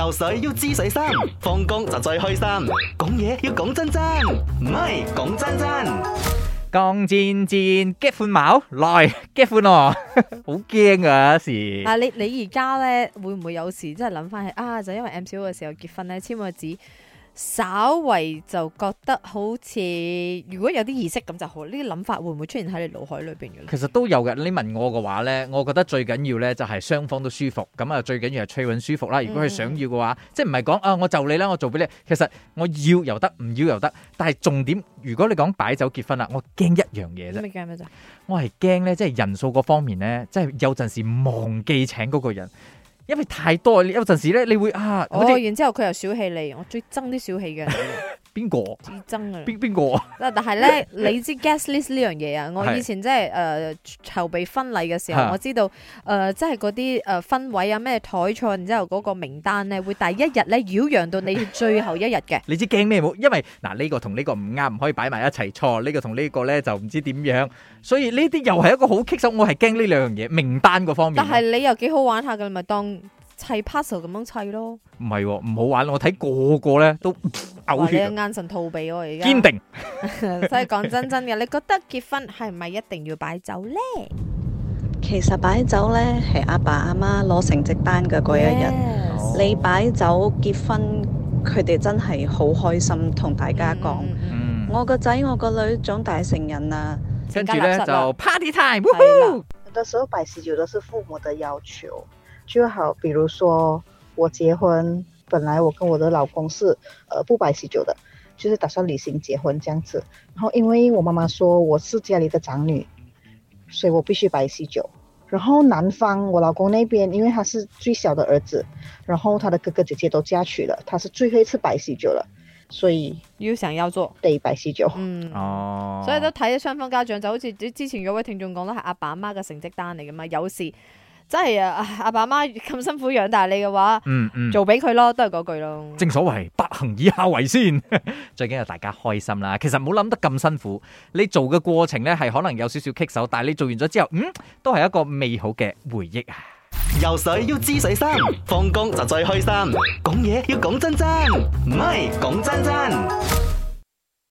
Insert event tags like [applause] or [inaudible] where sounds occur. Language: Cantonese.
游水要知水深，放工就最開心。講嘢要講真真，唔係講真真。江尖尖 get 款矛，來 get 款哦， [laughs] 好驚啊！有時，啊，你你而家咧會唔會有時真係諗翻起啊？就因為 M C O 嘅時候結婚咧，簽個字。稍為就覺得好似如果有啲儀式咁就好，呢啲諗法會唔會出現喺你腦海裏邊嘅？其實都有嘅。你問我嘅話咧，我覺得最緊要咧就係雙方都舒服。咁啊，最緊要係吹穩舒服啦。如果佢想要嘅話，嗯、即係唔係講啊，我就你啦，我做俾你。其實我要又得，唔要又得。但係重點，如果你講擺酒結婚啦，我驚一樣嘢啫。驚咩啫？我係驚咧，即係人數嗰方面咧，即係有陣時忘記請嗰個人。因為太多，有陣時咧，你會啊，哦，然之後佢又小氣你，我最憎啲小氣嘅。 [laughs] 邊個之爭啊？邊邊個啊？ [laughs] 但但係咧，你知 guest list 呢樣嘢啊？我以前即係誒籌備婚禮嘅時候，的我知道誒、呃，即係嗰啲誒分位啊，咩台菜，然之後嗰個名單咧，會第一日咧擾攘到你最後一日嘅。你知驚咩冇？因為嗱呢、呢個同呢個唔啱，唔可以擺埋一齊錯。呢、呢個同呢個咧就唔知點樣，所以呢啲又係一個好棘手。我係驚呢兩樣嘢，名單嗰方面。但係你又幾好玩下噶，咪當砌 puzzle 咁樣砌咯。唔係、哦，唔好玩。我睇個個咧都。 [laughs] 你個眼神逃避我而家，堅堅定。 [laughs] [laughs] 所以講真的真嘅，你覺得結婚係唔係一定要擺酒呢？其實擺酒呢，係阿爸阿媽攞成績單嘅嗰一日，yes, 你擺酒、哦、結婚，佢哋真係好開心，同大家講、嗯嗯：我個仔我個女長大成人啦、啊。跟住呢就 party time，有了時候擺喜酒都是父母的要求，就好，比如說我結婚。本來我跟我的老公是，呃，不擺喜酒的，就是打算旅行結婚這樣子。然後因為我媽媽說我是家裏的長女，所以我必須擺喜酒。然後男方我老公那邊，因為他是最小的兒子，然後他的哥哥姐姐都嫁娶了，他是最後一次擺喜酒了，所以要想要做，對，擺喜酒，嗯哦。Oh. 所以都睇着雙方家長，就好似之前有位聽眾講都係阿爸媽嘅成績單嚟噶嘛，有時。真係啊，阿爸阿媽咁辛苦養大你嘅話，嗯嗯，做俾佢咯，都係嗰句咯。正所謂，百行以孝為先，最緊要大家開心啦。其實冇諗得咁辛苦，你做嘅過程呢係可能有少少棘手，但你做完咗之後，嗯，都係一個美好嘅回憶啊。遊水要知水深，放工就最開心。講嘢要講真真，唔係講真真。